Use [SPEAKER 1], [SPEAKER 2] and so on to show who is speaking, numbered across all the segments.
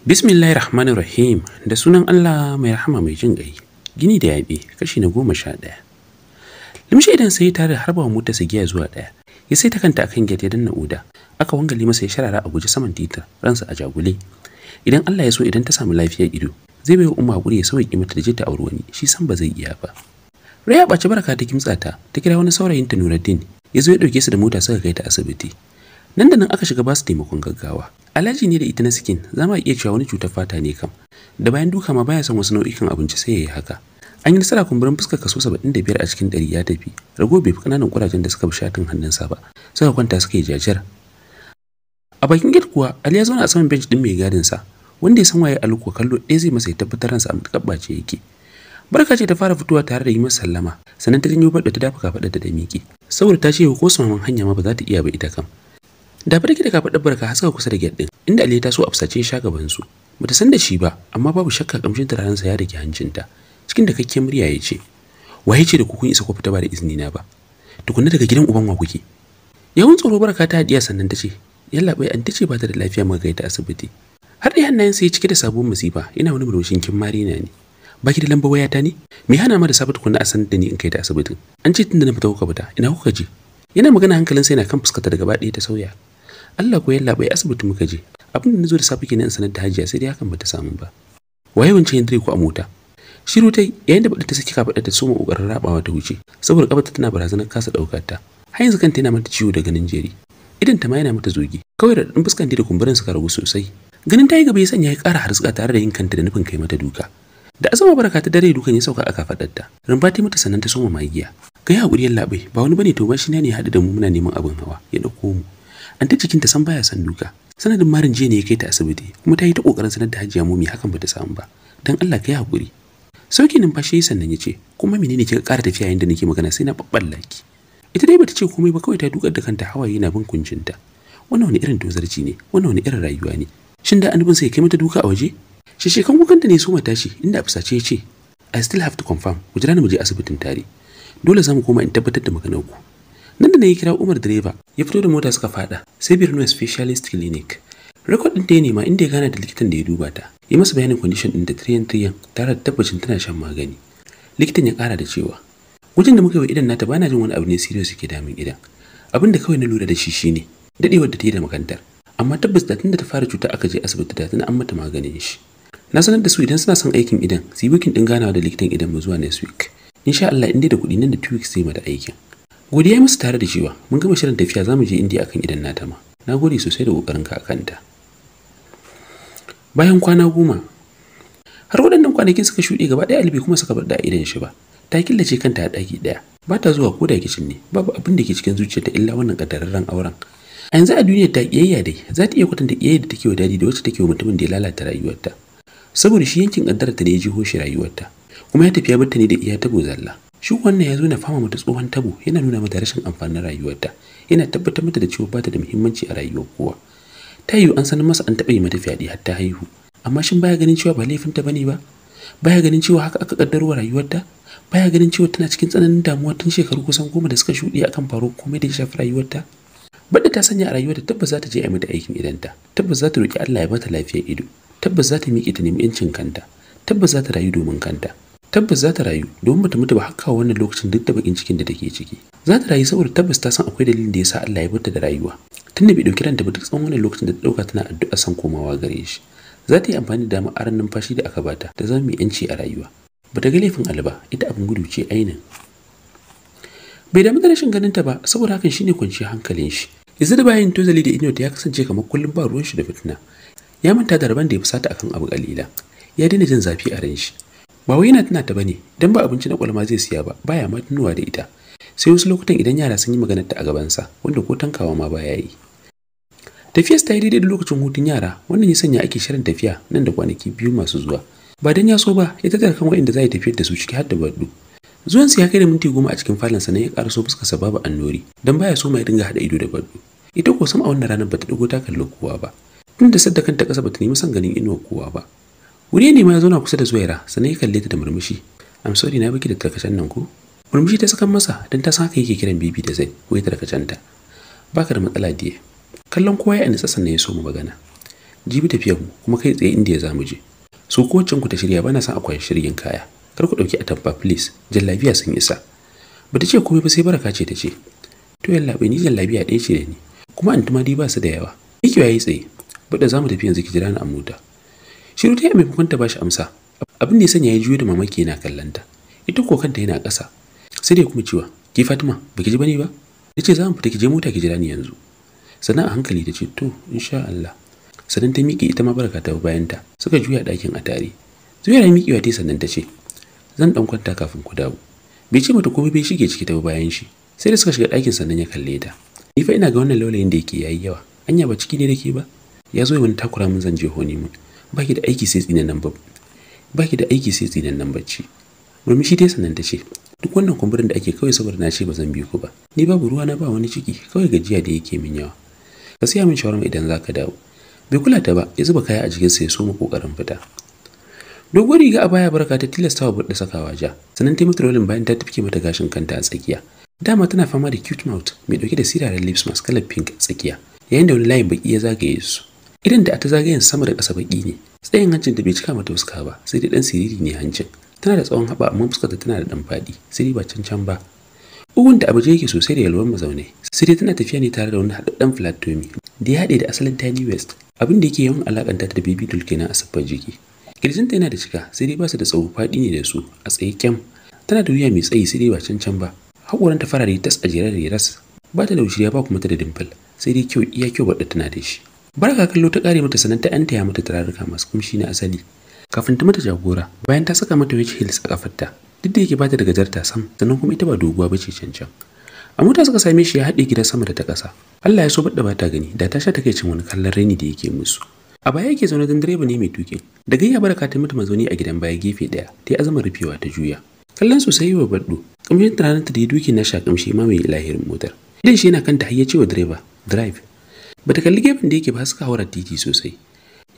[SPEAKER 1] Bismillahir Rahmanir Rahim da sunan Allah mai rahama mai jin ƙai. Gini da yabe, kashi na goma sha ɗaya. Limshi idan sai tare da harba mota sa giya zuwa ɗaya. Ya sai ta kanta akan gate ya danna uda. Aka wanga masa ya sharara a guje saman titar ransa a jagule. Idan Allah ya so idan ta samu lafiya ido zai bai wa umma hakuri ya sauke mata da ta auri wani shi san ba zai iya ba. Raya ɓaci baraka ta kimtsa ta ta kira wani saurayin ta Nuruddin ya zo ya ɗauke su da mota suka kai ta asibiti. Nan da nan aka shiga basu taimakon gaggawa. alaji ne da ita na skin za mu iya cewa wani cutar fata ne kam da bayan duka ma baya son wasu nau'ikan abinci sai ya yi haka an yi nasara kumburin fuskar kaso 75 a cikin 100 ya tafi rago bai fi kananan kurajen da suka bi shatin hannunsa ba suka kwanta suka yi jajar a bakin gate kuwa ali ya zauna a saman bench din mai gadin sa wanda ya san waye ko kallo ɗaya zai masa ya tabbatar ransa a matakar bace yake barka ce ta fara fitowa tare da yi masa sallama sannan ta janyo faɗa ta dafa kafaɗa da miƙe saboda ta ce ko su hanya ma ba za ta iya ba ita kam da farki da kafaɗar barka haska kusa da gate inda Ali ta so a fusace sha gaban su bata san da shi ba amma babu shakka kamshin turaren sa ya dake hancinta cikin da kakkiyar murya ya ce waye ce da ku kun isa ku fita ba da izini na ba tukunna daga gidan uban wa kuke yawan tsoro barka ta hadiya sannan ta ce yalla bai an tace ba ta da lafiya muka gaita asibiti har dai hannayen sa ya cike da sabon musiba Ina wani murushin kin marina ne baki da lamba waya ne me hana ma da sabat kunna a san da ni in kai ta asibitin an ce tunda na fita kuka fita ina kuka je yana magana hankalin sa yana kan fuskar ta daga ɗaya ta sauya Allah ko yalla bai asibiti muka je abin da nazo da safe kenan sanar da hajiya sai dai hakan bata samu ba waye wancan yandare ko a mota shiru tai yayin da bada ta saki kafada ta soma kokarin rabawa ta wuce saboda ta tana barazanar kasa daukar ta har yanzu kanta yana mata ciwo da ganin jeri idan ta ma yana mata zogi kawai da dan fuskan da kumburin suka ragu sosai ganin ta gaba ya sanya ya kara harzuka tare da yin kanta da nufin kai mata duka da azama baraka ta dare dukan ya sauka aka fadarta rumba ta mata sannan ta soma magiya kai hakuri bai ba wani bane to ba shi ne haɗu da mu muna neman abin hawa ya dauko mu an ta ta san baya san duka sanadin marin jiya ne ya kai ta asibiti kuma ta yi ta kokarin sanar da hajiya mumi hakan bata samu ba dan Allah kai hakuri sauki numfashi sannan ya ce kuma menene kika kara tafiya yayin nake magana sai na babballaki ita dai bata ce komai ba kawai ta dukar da kanta hawaye na bin kuncinta wannan wani irin tozarci ne wannan wani irin rayuwa ne shin da annabin sai kai mata duka a waje shishikan kukanta ne so su tashi inda a fusace ya ce I still have to confirm ku jira na mu je asibitin tare dole zamu koma in tabbatar da maganar ku nan da na yi kira umar direba ya fito da mota suka fada sai birnin specialist clinic rekod ɗin da ya nema inda ya gana da likitan da ya duba ta yi masa bayanin condition ɗin da tiriyan tiriyan tare da tabbacin tana shan magani likitan ya ƙara da cewa wajen da muka yi wa idan nata bana jin wani abu ne serious yake damin idan abin da kawai na lura da shi shine dadewar da ta yi da makantar amma tabbas da tun da ta fara cuta aka je asibiti da tana an mata maganin shi na sanar da su idan suna son aikin idan su yi wikin din ganawa da likitan idan mu zuwa next week insha Allah in dai da kuɗi nan da two weeks sai mu da aikin godiya musu tare da cewa mun gama shirin tafiya zamu je indiya akan idan na tama na gode sosai da ƙoƙarinka a ta bayan kwana goma har waɗannan kwanakin suka shuɗe gaba ɗaya albi kuma suka bar da idan shi ba ta killace kanta a ɗaki ɗaya ba ta zuwa ko da kicin ne babu abin da ke cikin zuciyarta illa wannan ƙaddararren auren a yanzu a duniyar ta kiyayya dai za ta iya kwatanta kiyayya da take wa dadi da wacce take wa mutumin da ya lalata rayuwarta saboda shi yankin ƙaddarar ta ne ya jiho shi rayuwarta kuma ya tafiya barta ne da iya tabo zalla shi wannan ya zo na fama mata tsohon tabo yana nuna mata rashin amfanin rayuwarta yana tabbatar mata da cewa ba ta da muhimmanci a rayuwar kowa ta yiwu an sanar masa an taɓa yi mata fyaɗe har ta haihu amma shin baya ganin cewa ba laifinta ba ne ba baya ganin cewa haka aka kaddarwa rayuwarta baya ganin cewa tana cikin tsananin damuwa tun shekaru kusan goma da suka shuɗe akan faruwar komai da ya shafi rayuwarta Badda ta sanya a rayuwarta tabbas za ta je a mata aikin idanta tabbas za ta roƙi Allah ya bata lafiyar ido tabbas za ta miƙe ta nemi 'yancin kanta tabbas za ta rayu domin kanta tabbas za ta rayu domin bata mutu ba haka kawo wannan lokacin duk da bakin cikin da take ciki za ta rayu saboda tabbas ta san akwai dalilin da yasa Allah ya bata da rayuwa tunda bai dauki ranta ba duk tsawon wannan lokacin da ta dauka tana addu'a san komawa gare shi za ta yi amfani da damar aran numfashi da aka bata da zama mai yanci a rayuwa bata ga laifin alba ita abin gudu ce ainin bai damu da rashin ganin ta ba saboda hakan shine kwanciyar hankalin shi yanzu da bayan tozali da ta ya kasance kamar kullum ba ruwan shi da fitina ya manta da rabon da ya fusata akan abu kalila ya daina jin zafi a ran shi ba wai yana tana ta bane dan ba abinci na kwalma zai siya ba baya ma tunuwa da ita sai wasu lokutan idan yara sun yi maganar ta a gabansa wanda ko tankawa ma baya yi tafiyar ta yi daidai da lokacin hutun yara wannan ya sanya ake shirin tafiya nan da kwanaki biyu masu zuwa ba dan ya so ba ya tattara kan waɗanda za ya tafiyar da su ciki har da baddu zuwan sa ya kai da minti goma a cikin falon sa ne ya karaso fuskar sa babu annori dan baya so mai dinga hada ido da baddu ita ko sam a wannan ranar bata dago ta kallon kowa ba tun da sadda kanta kasa bata nemi san ganin inuwar kowa ba wuri ne ma ya zauna kusa da zuwaira sannan ya kalle ta da murmushi am sorry na baki da tarkacen nan ko murmushi ta sakan masa dan ta san haka yake kiran bibi da zai wai tarkacen ta baka da matsala diye kallon kowa ya anisa sannan ya so mu magana jibi tafiyar mu kuma kai tsaye inda ya za mu je su kowacin ku ta shirya bana san akwai shirgin kaya kar ku dauki atamfa please jallabiya sun isa bata ce komai ba sai baraka ce ta ce to bai ni jallabiya ɗaya ce da ni kuma antuma dai ba su da yawa ya yayi tsaye bada zamu tafi yanzu ki jira ni a mota shiru ta yi maimakon ta bashi amsa abin da ya sanya ya juyo da mamaki yana kallanta ita ko kanta yana ƙasa sai dai kuma cewa ki Fatima baki ji bane ba ta ce za mu fita ki je mota ki jira ni yanzu sannan a hankali ta ce to insha Allah sannan ta miƙe ita ma barka ta bayan ta suka juya ɗakin a tare zuwa miƙewa ta sannan ta ce zan ɗan kwanta kafin ku dawo bai ce mata komai bai shige ciki ta bayan shi sai da suka shiga ɗakin sannan ya kalle ta ni fa ina ga wannan laulayin da yake yayi yawa anya ba ciki ne da ke ba ya zo ya wani takura mun zan je honeymoon ba ki da aiki sai tsinan nan ba baki da aiki sai bacci murmushi dai sanan ta ce duk wannan kumburin da ake kawai saboda na ce ba zan bi ku ba ni babu ruwa na ba wani ciki kawai gajiya da yake min yawa ka siya min shawarma idan za ka dawo bai kula ta ba ya zuba kaya a jikin sa ya so mu kokarin fita doguwar riga a baya barka ta tilasta wa buɗe sakawa ja sanan ta mutu rolin bayan ta tafke mata gashin kanta a tsakiya dama tana fama da cute mouth mai dauke da siraran lips masu kalar pink a tsakiya yayin da wani layin baki ya zagaye su idan da ta zagayen sama da ƙasa baki ne tsayin hancin da bai cika mata fuska ba sai dai dan siriri ne hancin tana da tsawon haɓa amma fuskarta tana da ɗan faɗi sai dai ba cancan ba ugun da abuja yake sosai da yalwan mazaune sai dai tana tafiya ne tare da wani haɗaɗɗen flatomi da ya haɗe da asalin tiny west abin da yake yawan alakanta da bibi doll kenan a siffar jiki kirjinta yana da cika sai dai ba su da tsawo faɗi ne da su a tsaye kyam tana da wuya mai tsayi sai dai ba cancan ba haƙoranta farare tas a jere ras ba ta da wuciya ba kuma ta da dimple sai dai kyau iya kyau baɗa tana da shi baraka kallo ta kare mata sanan ta yanta ya mata turaruka masu kumshi na asali kafin ta mata jagora bayan ta saka mata witch heels a kafarta duk da yake bata da gajarta sam sannan kuma ita ba doguwa ba ce cancan a mota suka same shi ya haɗe gidan sama da ta ƙasa Allah ya so badda bata gani da ta sha take cin wani kallon raini da yake musu a baya yake zaune don direba ne mai tuƙin da gayya baraka ta mutu mazauni a gidan baya gefe ɗaya ta yi azamar rufewa ta juya kallon sosai wa baddo kamshin tunanin ta da ya duki na sha kamshi ma mai lahirin motar idan shi yana kanta har ya direba drive ba ta kalli gefen da yake ba suka haura titi sosai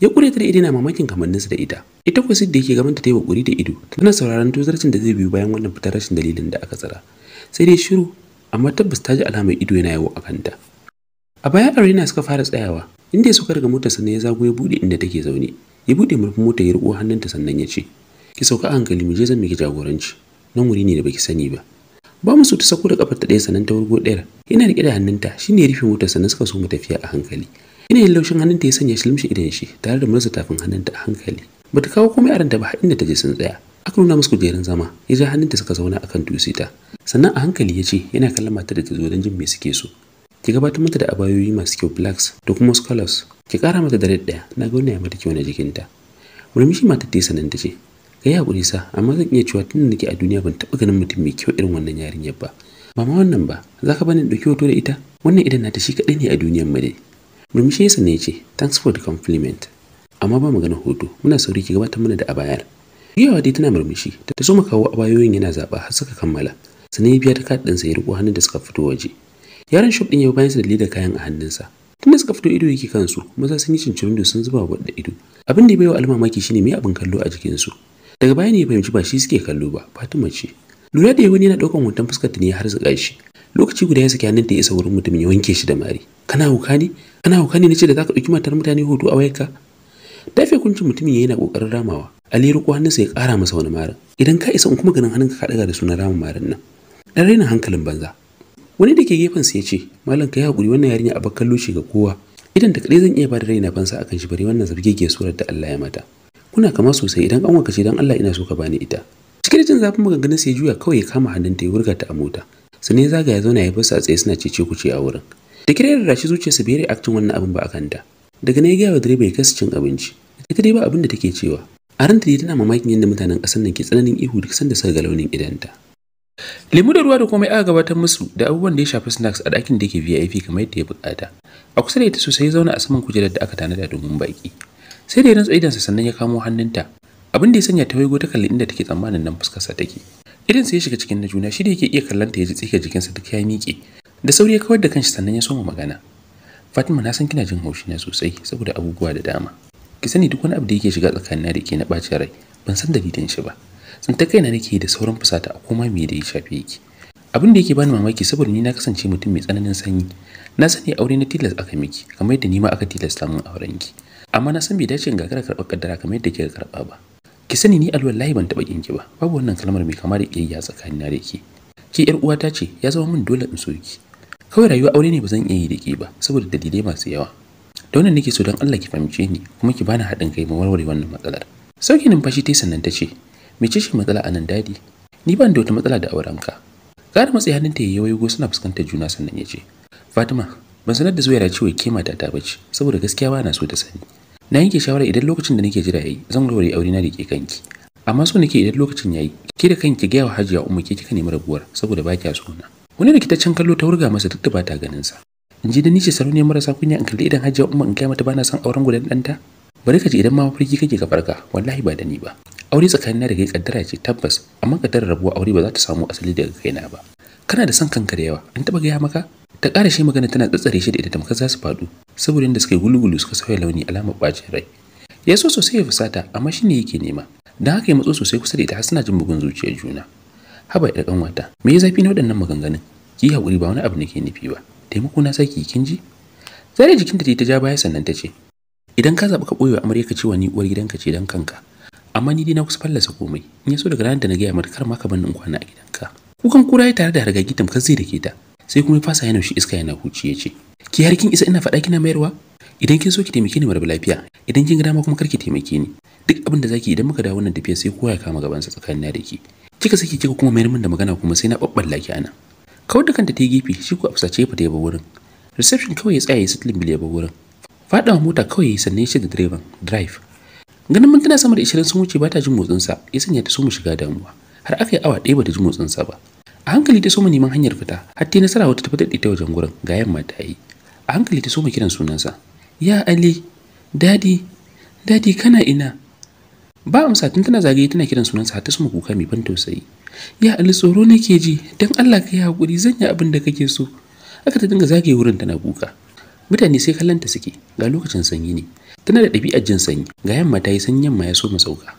[SPEAKER 1] ya kure ta da ido na mamakin kamanninsa da ita ita kuwa da yake gaban ta yi kuri da ido tana sauraron tozarcin da zai biyu bayan wannan fitar rashin dalilin da aka tsara sai dai shiru amma tabbas ta ji alamar ido yana yawo a kanta a baya arena suka fara tsayawa inda ya suka daga mota ne ya zago ya bude inda take zaune ya bude murfin mota ya riko hannunta sannan ya ce ki sauka a hankali mu je zan miki jagoranci nan wuri ne da baki sani ba ba mu ta sako da kafar ta ɗaya sannan ta wurgo ɗayar yana rike da hannunta shine ya rufe motar sannan suka so mu tafiya a hankali yin laushin hannunta ya sanya shi idan shi tare da murza tafin hannunta a hankali bata kawo komai a ranta ba har inda ta je sun tsaya aka nuna musu kujerun zama ya ja hannunta suka zauna akan tusita. sannan a hankali ya ce yana kallon matar da ta zo don jin me suke so ki gabatar mata da abayoyi masu kyau blacks da kuma scholars ki kara mata da red daya na ga wannan ya mata kyau na jikinta murmushi matar ta sanan ta ce ka ya hakuri sa amma zan iya cewa tun da nake a duniya ban taɓa ganin mutum mai kyau irin wannan yarinyar ba ba ma wannan ba za ka bani ɗauki hoto da ita wannan idan nata shi kaɗai ne a duniyar mu dai murmushi yasa ne ya ce thanks for the compliment amma ba magana hoto muna sauri ki gabatar mana da abayar yawa dai tana murmushi ta so mu kawo abayoyin yana zaɓa har suka kammala Sani ya biya ta kaɗin sa ya riƙo hannun da suka fito waje yaron shop ɗin ya bayan da leda kayan a hannunsa tunda suka fito ido yake kansu maza sun yi cincirindo sun zuba wa da ido abin da ya bai wa almamaki shine me abin kallo a jikinsu daga baya ne ya fahimci ba shi suke kallo ba fatima ce lura da wani yana ɗaukan hoton fuskar ta ne har zuƙa shi lokaci guda ya saki hannun ta ya isa wurin mutumin ya wanke shi da mari kana hauka ne kana hauka ne nace da zaka ɗauki matar mutane hoto a wayarka dafe kuncin mutumin yana kokarin ramawa ali ya riko hannunsa ya kara masa wani marin idan ka isa in kuma ganin hannunka ka daga da sunan ramin marin nan dan raina hankalin banza wani da ke gefen sa ya ce malam ka ya hakuri wannan yarinya a bakkallo shi ga kowa idan da kadai zan iya ba da raina fansa akan shi bare wannan zabgege surar da Allah ya mata kuna kama sosai idan an wakace dan Allah ina so ka bani ita cikin jin zafin maganganun sai juya kawai ya kama hannunta ya wurga ta a mota sane zaga ya zauna ya bar su a tsaye suna cece kuce a wurin da kirar da shi zuciyarsa bere reactin wannan abin ba a kanta daga ne ya gaya wa direba ya kasa cin abinci ita dai ba abin da take cewa a ranta dai tana mamakin yadda mutanen ƙasar nan ke tsananin ihu duk sanda suka ga launin idanta Lemu da ruwa da komai aka gabatar musu da abubuwan da ya shafi snacks a ɗakin da yake VIP kamar yadda ya bukata. A kusa da ita sosai zauna a saman kujerar da aka tanada domin baki. sai da ya rantsa idansa sannan ya kamo hannunta abin da ya sanya ta waigo ta kalli inda take tsammanin nan fuskarsa take idan sai ya shiga cikin na juna shi da yake iya kallon ya ji tsike jikinsa duk ya miƙe da sauri ya kawar da kanshi sannan ya soma magana Fatima na san kina jin haushi na sosai saboda abubuwa da dama ki sani duk wani abu da yake shiga tsakanina da ke na bacin rai ban san dalilin shi ba ta kaina nake da sauran fusata a koma me da ya shafe yake abin da yake bani mamaki saboda ni na kasance mutum mai tsananin sanyi na sani aure na tilas aka miki kamar yadda ni ma aka tilasta min auren ki amma na san bai dace in gagara karɓar kaddara kamar yadda kika karɓa ba ki sani ni alwal lahi ban taɓa ki ba babu wannan kalmar mai kama da kiyayya tsakanina da ke ki yar ta ce ya zama min dole in so ki kawai rayuwa aure ne ba zan iya yi da ke ba saboda dalilai masu yawa da wannan nake so don Allah ki fahimce ni kuma ki bani haɗin kai mu warware wannan matsalar sauki numfashi tai sannan ta ce mece ce matsala a nan dadi ni ban da wata matsala da aurenka Gara matsi hannunta ya yi suna fuskantar juna sannan ya ce, Fatima, ban sanar da zuwaira cewa ke mata ta bace saboda gaskiya ba na so ta sani. Na yanke shawara idan lokacin da nake jira yayi zan warware aure na da ke kanki. Amma so nake idan lokacin yayi ke da kanki gaya wa Hajiya Umma ke kika nemi rabuwar saboda ba kya so na. Wani rikitaccen kallo ta wurga masa duk da ba ta ganin sa. In ji da ni ce sarauniyar marasa kunya in kalli idan Hajiya Umma in kai mata bana son auren gudan ɗanta. Bari ka ji idan ma mafarki kake ka farka wallahi ba da ni ba. aure tsakanin na da kai kaddara ce tabbas amma kaddara rabuwa aure ba za ta samu asali daga kaina ba kana da son kanka da yawa an taba gaya maka ta ƙara shi magana tana tsatsare shi da ita tamkar za su faɗo saboda inda suka yi gulugulu suka sauya launi alamar ɓacin rai ya so sosai ya fusata amma shi ne yake nema don haka ya matso sosai kusa da ita har suna jin bugun zuciyar juna haba ya ɗan wata me ya zafi na waɗannan maganganun ki yi haƙuri ba wani abu ke nufi ba taimako na saki kin ji zare jikinta ta ja baya sannan ta ce idan ka zaɓi ka ɓoye wa amarya ka ce wa uwar gidanka ce don kanka amma ni dai na kusa fallasa komai in ya so daga ranar da na gaya mata kar ma ka in kwana a gidanka kukan kura ya tare da gidan tamkar zai da ke ta sai kuma ya fasa yana shi iska yana huci ya ce ki har kin isa ina faɗa kina mayarwa idan kin so ki taimake ni marar lafiya idan kin ga dama kuma kar ki taimake ni duk abin da zaki idan muka dawo wannan tafiya sai kowa ya kama gabansa tsakanin na da ki kika saki kika kuma mayar min da magana kuma sai na babballa ki ana kawar da kanta ta gefe shi ko ya fita ya ba wurin reception kawai ya tsaya ya sitlin bil ya wurin faɗawa mota kawai sannan ya ce da direban drive ganin mintuna sama da 20 sun wuce ba ta jin sa ya sanya ta so mu shiga damuwa har aka yi awa ɗaya ba ta ji sa ba a hankali ta so mu neman hanyar fita har ta nasara wata tafi daɗe ta wajen gurin ga yamma ta yi a hankali ta so mu kiran sunansa ya ali dadi dadi kana ina ba amsa tun tana zagaye tana kiran sunansa har ta so mu kuka mai ban tausayi ya ali tsoro nake ji don allah ka yi haƙuri zan yi abin da kake so aka ta dinga zagaye wurin tana kuka mutane sai kallon ta suke ga lokacin sanyi ne tana da ɗabi'ar jin sanyi ga yamma ta yi san yamma ya so sauka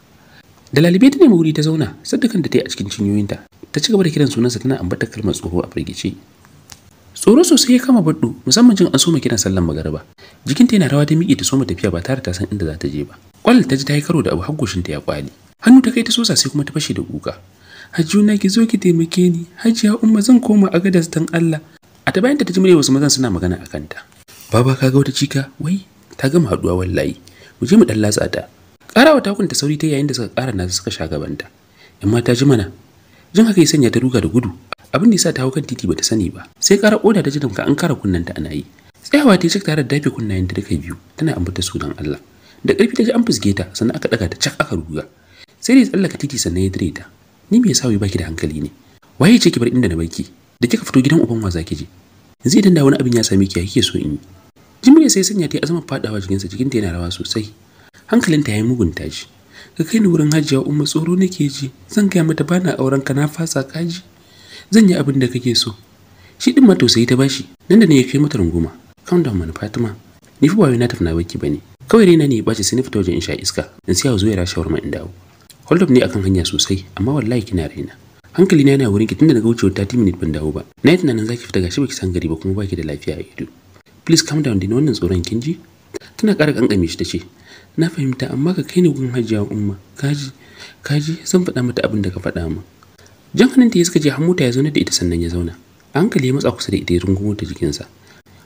[SPEAKER 1] da lalibe ta nemi wuri ta zauna sadda kanta ta yi a cikin cinyoyinta ta ci gaba da kiran sunansa tana ambata kalmar tsoro a firgice tsoro sosai ya kama baddu musamman jin an soma kiran sallan magariba jikinta yana rawa ta miƙe ta soma tafiya ba tare ta san inda za ta je ba kwal ta ji ta yi karo da abu har ya kwali hannu ta kai ta sosa sai kuma ta fashe da kuka hajjuna ki zo ki taimake ni Hajjiya, umma zan koma gadas dan Allah a ta bayan ta ji mure wasu mazan suna magana a kanta baba kaga wata cika wai ta gama haduwa wallahi mu je mu dan latsa ta karawa kunta sauri ta yayin da suka kara nasu suka sha gabanta amma ta ji mana jin haka ya sanya ta ruga da gudu abin da yasa ta hau kan titi bata sani ba sai kara oda ta ji damka an kara ta ana yi tsayawa ta yi tare da dafe kunnayen ta duka biyu tana ambata sunan Allah da karfi ta ji an fusge ta sannan aka daga ta cak aka ruga sai dai tsallaka titi sannan ya dire ta ni me yasa wai baki da hankali ne waye ce ki bar inda na baki da kika fito gidan uban wa ki je yanzu idan da wani abin ya same ki ya kike so in yi jimre sai sanya ta azama fadawa jikinsa ta yana rawa sosai hankalinta ya yi mugun tashi ka kai ni wurin hajiya umma tsoro nake ji zan gaya mata bana auren ka na fasa kaji zan yi abin da kake so shi din ma tausayi ta bashi nan da ne ya kai mata runguma kan da mana fatima ni fa ba na tafi na baki bane kawai raina ne ya bace sai na fita wajen in sha iska in siya ya ra shawarma in dawo hold up ne akan hanya sosai amma wallahi kina raina hankali na yana wurin ki tunda daga wucewar 30 minutes ban dawo ba na yi tunanin zaki fita gashi baki san gari ba kuma baki da lafiya a ido please come down din wannan tsoron kin tana ƙara kankame shi tace na fahimta amma ka kai ni gun hajiya umma kaji kaji zan faɗa mata abin da ka faɗa min jan hannun ta suka je har mota ya zauna da ita sannan ya zauna hankali ya matsa kusa da ita ya rungumo ta jikinsa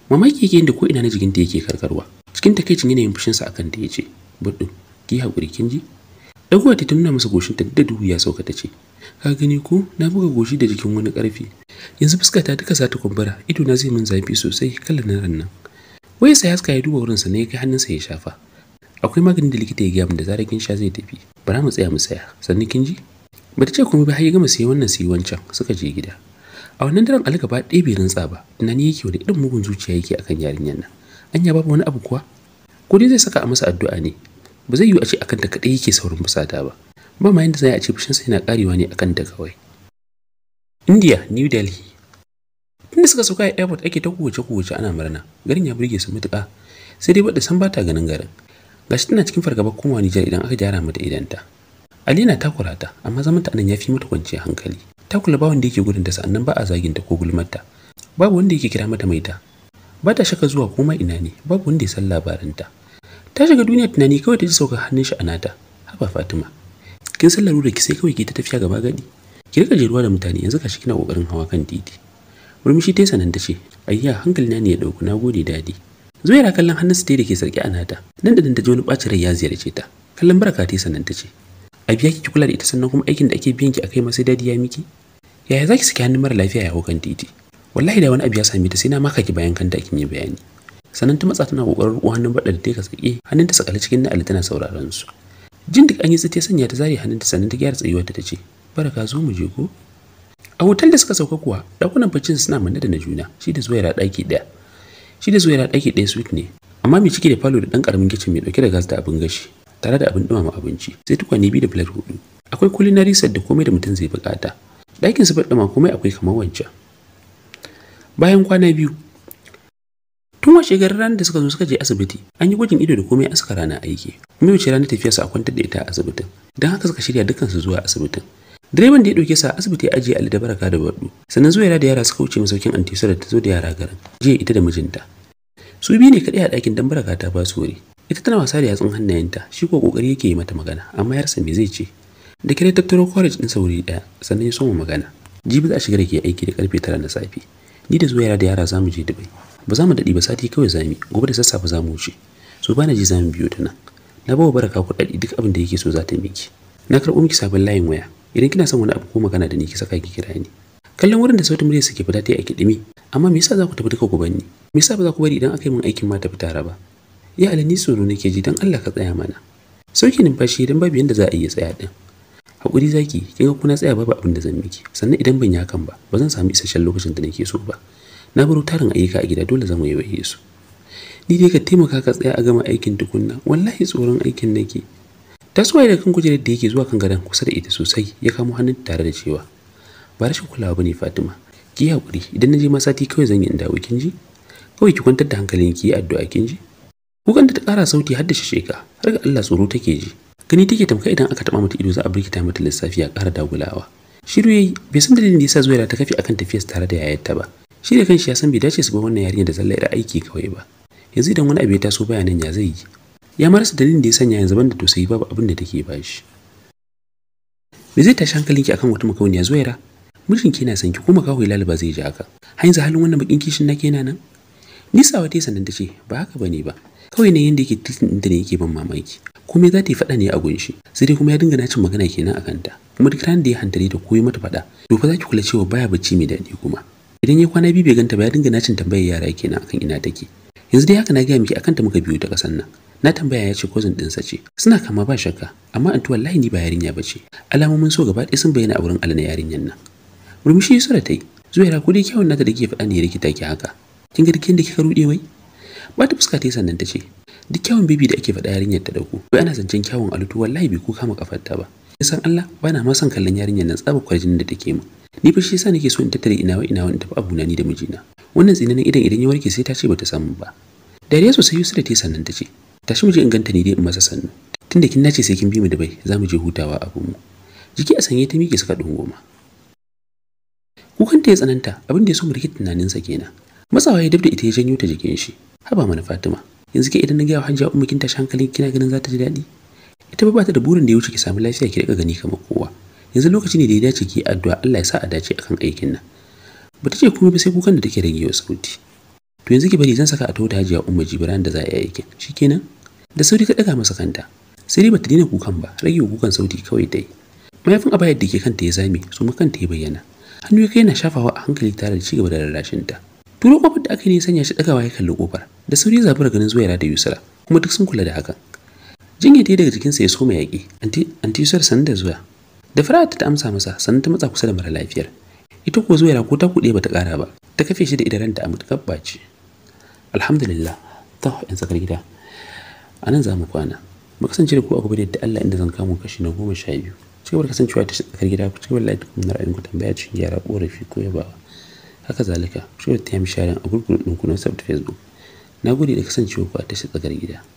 [SPEAKER 1] mamaki yake inda ko ina na jikinta yake karkarwa cikin takaicin yanayin fushinsa akan ta ya ce buddu ki hakuri kinji ji ta nuna masa goshinta da duhu ya sauka ta ce ka gani ko na buga goshi da jikin wani karfi yanzu fuska ta duka sata kumbura ido na zai min zafi sosai kallon na rannan. wai sai haska ya duba wurinsa ne ya kai hannunsa ya shafa akwai maganin da likita ya gaya min da zarar kin sha zai tafi bara mu tsaya mu tsaya sannan kin ji bata ce komai ba har ya gama sai wannan sai wancan suka je gida a wannan daren ali gaba ɗaya bai rantsa ba tunani yake wani irin mugun zuciya yake akan yarinyar nan anya babu wani abu kuwa ko dai zai saka a masa addu'a ne ba zai yiwu a ce akan ta kaɗai yake saurin fusata ba ba ma yadda za a ce fushinsa yana karewa ne akan ta kawai india new delhi tunda suka sauka a airport ake ta kowace kowace ana murna garin ya burge su matuka. sai dai bada san bata ganin garin gashi tana cikin fargaba komawa nijar idan aka gyara mata ta ali na takura ta amma zaman ta anan ya fi mata kwanciya hankali takula ba wanda yake gudun da sa'annan ba a zagin ta ko gulmar babu wanda yake kira mata maita ba ta shaka zuwa koma ina ne babu wanda ya san labarinta ta shiga duniya tunani kawai ta ji sauka hannun shi a nata haba fatima kin san lalurar ki sai kawai ki ta tafiya gaba gadi ki rika jeruwa da mutane yanzu kashi kina kokarin hawa kan titi murmushi ta sanan ta ce ayya hankali na ne ya dauku nagode dadi zuwaira kallon hannun ta da ke sarki a nata nan da nan ta ji wani bacin rai ya ziyarce ta kallon baraka ta sanan ta ce a biya ki kula da ita sannan kuma aikin da ake biyan ki akai ma sai dadi ya miki yaya zaki saki hannun mara lafiya ya hau kan titi wallahi da wani abu ya same ta sai na maka ki bayan kanta kin yi bayani sannan ta matsa tana kokarin ruwa hannun baɗar ta ka sake ta sakale cikin na'al tana sauraron su jin duk an yi tsit sanya ta zare ta sannan ta gyara tsayuwa ta tace. baraka zo mu je ko a hotel da suka sauka kuwa dakunan baccin suna manne da na juna shi da zuwa daki ɗaya shi da zuwa daki ɗaya suite ne amma mai ciki da falo da dan ƙaramin kicin mai ɗauke da gas da abin gashi tare da abin ɗumama abinci sai tukwane biyu da plate hudu akwai culinary set da komai da mutum zai bukata dakin su ma komai akwai kamar wancan bayan kwana biyu tun washe garin ranar da suka zo suka je asibiti an yi gwajin ido da komai an suka rana aiki kuma wuce ranar tafiya su a kwantar da ita a asibitin don haka suka shirya dukkan su zuwa asibitin direban da ya dauke sa asibiti ya ajiye Ali da Baraka da baɗu sannan zuwa yara da yara suka wuce masaukin antisar da ta zo da yara garin jiya ita da mijinta su biyu ne kaɗai a ɗakin don Baraka ta ba su wuri ita tana wasa da yatsun hannayenta shi ko ƙoƙari yake yi mata magana amma yarsa me zai ce da kire tattaro college din sauri ɗaya, sannan ya soma magana jibi za a shiga da ke aiki da karfe tara na safe ni da zuwa da yara za mu je dubai ba za mu daɗi ba sati kawai za gobe da sassafe za mu wuce so na ji zamu mu biyo ta nan na bawa baraka kuɗaɗi duk abin da yake so za ta miki na karɓo miki sabon layin waya idan kina son wani abu ko magana da ni ki saka ki kira ni kallon wurin da sautin murya suke fita ta yi a kidimi. amma me yasa za ku tafi duka gobanni? banni me yasa ba za ku bari idan aka yi min aikin ma ta fita ba ya alani tsoro nake ji dan Allah ka tsaya mana sauki numfashi idan babu yanda za a iya tsaya din hakuri zaki kin ga kuna tsaya babu abin da zan miki sannan idan ban yakan ba ba zan samu isasshen lokacin da nake so ba na baro tarin ayyuka a gida dole zamu yi su ni dai ka taimaka ka tsaya a gama aikin tukunna wallahi tsoron aikin nake taswaye da kan kujerar da yake zuwa kan gadon kusa da ita sosai ya kamo hannun tare da cewa ba rashin kulawa bane Fatima ki hakuri idan na je ma sati kawai zan yi inda kin ji kawai ki kwantar da hankalin ki addu'a kin ji kukan ta kara sauti har da sheka har ga Allah tsoro take ji gani take tamka idan aka taba mata ido za a birkita mata lissafi a ƙara dagulawa shiru yayi bai san dalilin da yasa zuwa ta kafi akan tafiyar tare da yayarta ba shi da kanshi ya san bai dace su ba wannan yarinya da zalla da aiki kawai ba yanzu idan wani abu ya taso bayanan ya zai yi ya marasa dalilin da ya sanya yanzu banda tausayi babu abin da take ba shi me zai tashi hankalinki akan wata makauniya zuwaira mijin ki na san ki kuma kawai lalaba zai ji haka har yanzu halin wannan bakin kishin na kenan nan nisa wata sanan ta ce ba haka ba ne ba kawai ne yanda yake titin inda ne yake ban mamaki komai za ta yi faɗa ne a gunshi sai dai kuma ya dinga nacin magana kenan a kanta kuma duk da ya hantare da koyi mata faɗa to fa za ki kula cewa baya bacci mai daɗi kuma idan ya kwana biyu bai ganta ba ya dinga nacin tambayar yara kenan akan ina take yanzu dai haka na gaya miki akan ta muka biyu ta kasan nan na tambaya ya ce cousin ɗinsa ce suna kama ba shakka amma tuwon wallahi ni ba yarinya ba ce alamomin so gaba ɗaya sun bayyana a wurin alana yarinyan nan murmushi ya sura ta yi zuwa ko dai kyawun nata da ke faɗa ne ya rikita ki haka kin ga dukkan da kika ruɗe wai ba ta fuska ta yi sannan ta ce duk kyawun bibi da ake faɗa yarinyar ta dauko wai ana zancen kyawun alutu wallahi bai ko kama kafarta ba san Allah bana ma son kallon yarinyar nan tsaba kwarjin da take mu ni fa shi yasa nake so in tattare ina ina wani tafi abuna ni da mijina wannan tsinanin idan idan ya warke sai ta ce bata samu ba dariya sosai Yusra ta sannan ta ce tashi mu je in ganta ni dai in masa sannu tunda kin nace sai kin bi mu da za mu je hutawa a mu jiki a sanye ta miƙe suka goma kukanta ya tsananta abin da ya so mu rike tunaninsa kenan matsawa ya dabda ita ya janyo ta jikin shi haba mana Fatima yanzu ke idan na gaya hajjia umma kin tashi hankali kina ganin za ta ji daɗi ita ba ta da burin da ya wuce ki samu lafiya ki daga gani kamar kowa yanzu lokaci ne da ya dace ki addu'a Allah ya sa a dace akan aikin nan ba ta ce kuma ba sai kukan da take rage wa sauti to yanzu ki bari zan saka a tota hajiya umma jibran da za a yi shi kenan. da sauri ka daga masa kanta sai dai ta daina kukan ba rage kukan sauti kawai dai mayafin abayar da ke kanta ya zame su ma kanta ya bayyana hannu ya kai yana shafawa a hankali tare da cigaba da rarrashinta turo kofar da aka yi sanya shi dagawa ya kalli kofar da sauri zabura ganin zuwaira da yusra kuma duk sun kula da hakan jinya ta daga jikinsa ya soma yaƙi anti yusra sanar da zuwa da Fara'atu ta amsa masa sannan ta matsa kusa da mara lafiyar ita ko zuwa ko ta kude bata kara ba ta kafe shi da ta, amma ta baci alhamdulillah ta yan tsakar gida anan nan za mu kwana mu kasance da ku a gobe da Allah inda zan kamo kashi na goma sha biyu cigaba da ta tsakar gida ku cigaba wallahi duk kuma ra'ayin ku tambaya cikin gyara korafi ko ba haka zalika shi cigaba da taya mi a gurgurun ɗinku na facebook na gode da kasancewa ku a tashar tsakar gida